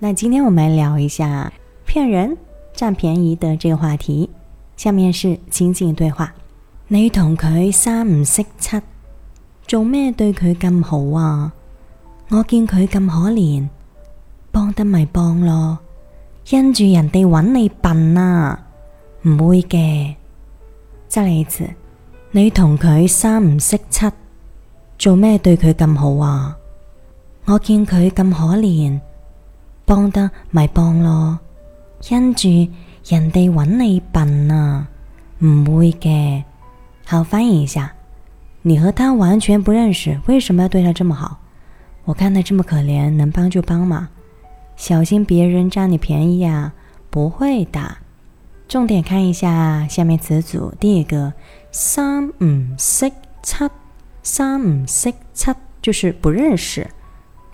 那今天我們來聊一下騙人佔便宜的這個話題。下面是情景對話：你同佢三唔識七，做咩對佢咁好啊？我見佢咁可憐，幫得咪幫咯。因住人哋搵你笨啊，唔會嘅。再嚟一次，你同佢三唔識七，做咩對佢咁好啊？我見佢咁可憐。幫得咪幫咯，因住人哋揾你笨啊，唔、嗯、會嘅。好，翻譯一下，你和他完全不認識，為什麼要對他這麼好？我看他這麼可憐，能幫就幫嘛。小心別人佔你便宜啊！不會的。重點看一下下面詞組，第一個三唔識七，三唔識七，就是不認識。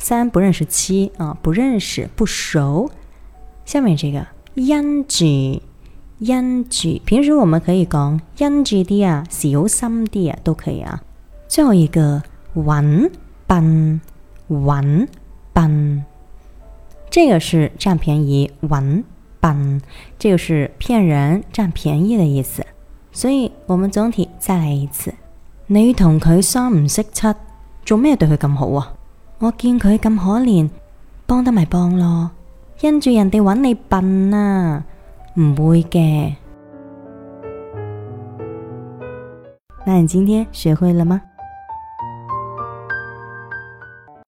三不認識七啊、哦，不認識，不熟。下面這個因住因住，平時我們可以講因住啲啊，小心啲啊，都可以啊。最後一個揾笨揾笨，這個是佔便宜揾笨，這個是騙人佔便宜的意思。所以我們總體再來一次。你同佢三唔識七，做咩對佢咁好啊？我見佢咁可憐，幫得咪幫咯，因住人哋揾你笨啊，唔會嘅。那你今天學會了嗎？